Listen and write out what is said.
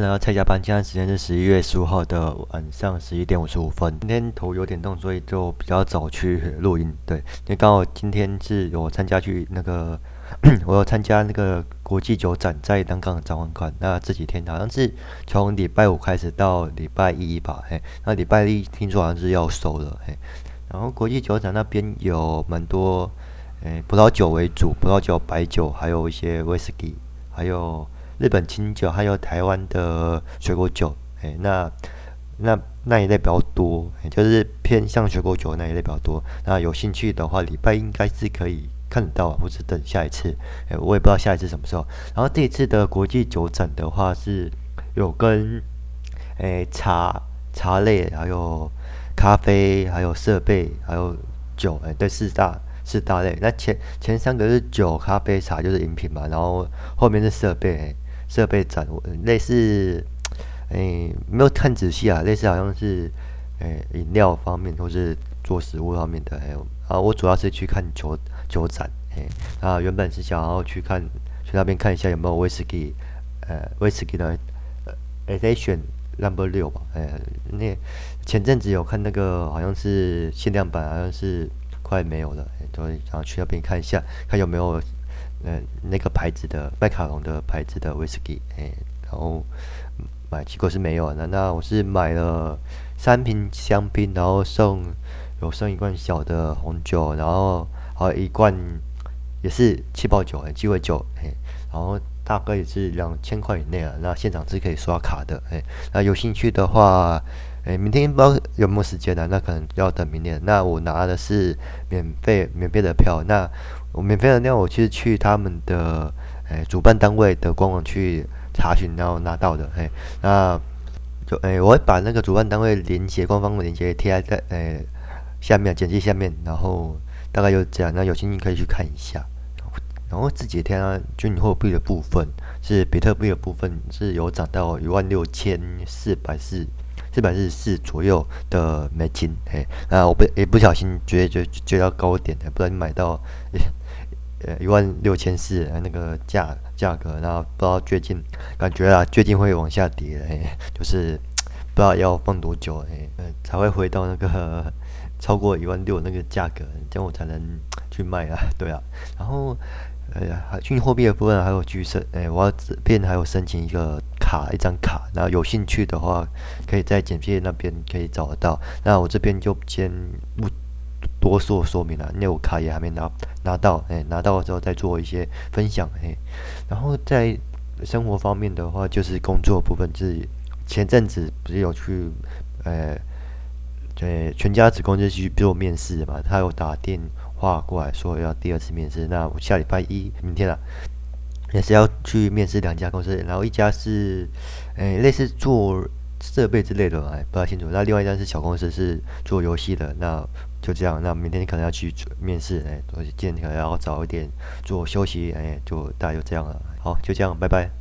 然後菜鳥加班。現在時間是十一月十五號的晚上十一點五十五分。今天頭有點痛，所以就比較早去錄音。對，因為剛好今天是我參加去那個， 我有參加那個國際酒展，在南港展覽館。那這幾天好像是從禮拜五開始到禮拜一吧？嘿，那禮拜一聽說好像是要收了。嘿，然後國際酒展那邊有蠻多，誒，葡萄酒為主，葡萄酒、白酒，還有一些 whisky，還有。日本清酒，還有台灣的水果酒，哎、欸，那那那一類比較多，欸，就是偏向水果酒那一類比較多。那有興趣的話，禮拜應該是可以看到，或者等下一次，哎、欸，我也不知道下一次什麼時候。然後這一次的國際酒展的話，是有跟哎、欸、茶茶類，還有咖啡，還有設備，還有酒，哎對、欸、四大四大類。那前前三個是酒、咖啡、茶，就是飲品嘛，然後後面是設備。欸設備展我類似，誒、欸，沒有看仔細啊，類似好像是，誒、欸，飲料方面或是做食物方面的，還有啊，我主要是去看酒酒展，誒、欸，啊，原本是想要去看去那邊看一下有沒有威士忌，呃，威士忌的、呃、Edition No. 6吧，誒、欸，那前陣子有看那個好像是限量版，好像是快沒有了，哎、欸，所以想要去那邊看一下，看有沒有。那、嗯、那個牌子的麥卡倫的牌子的威士忌，哎、欸，然後買幾個是沒有的。那，那我是買了三瓶香檳，然後送有送一罐小的紅酒，然後還有一罐也是氣泡酒，哎、欸，雞尾酒，哎、欸，然後大概也是兩千塊以內啊。那現場是可以刷卡的，哎、欸，那有興趣的話，哎、欸，明天不知道有沒有時間呢？那可能要等明天。那我拿的是免費免費的票，那。我免費的，那我去去他們的呃、欸、主辦單位的官網去查詢，然後拿到的。誒、欸，那就誒、欸，我會把那個主辦單位連接、官方的連接貼在誒、欸、下面簡介下面，然後大概有講，那有興趣可以去看一下。然後這幾天啊，虛擬貨幣的部分是比特幣的部分是有漲到一萬六千四百四四百四十四左右的美金。嘿、欸，啊，我不也、欸、不小心追，追、追到高點，欸、不知道你買到。欸呃，一萬六千四那個價價格，然後不知道最近感覺啊，最近會往下跌嘞、欸，就是不知道要放多久誒、欸，呃才會回到那個超過一萬六那個價格，這樣我才能去賣啊，對啊。然後哎呀，虛擬貨幣的部分還有去申哎，我要這邊還有申請一個卡，一張卡，然後有興趣的話可以在簡介那邊可以找得到。那我這邊就先不。多說說明了，那我卡也還沒拿拿到，哎、欸，拿到了之後再做一些分享，哎、欸，然後在生活方面的話，就是工作部分，就是前陣子不是有去，呃、欸，呃、欸，全家子公司就去做面試嘛，他有打電話過來說要第二次面試，那我下禮拜一明天了，啊，也是要去面試兩家公司，然後一家是，哎、欸，類似做設備之類的，哎，不太清楚，那另外一家是小公司，是做遊戲的，那。就這樣，那明天可能要去面試，哎、欸，今天可能要早一點做休息，哎、欸，就大概就這樣了。好，就這樣，拜拜。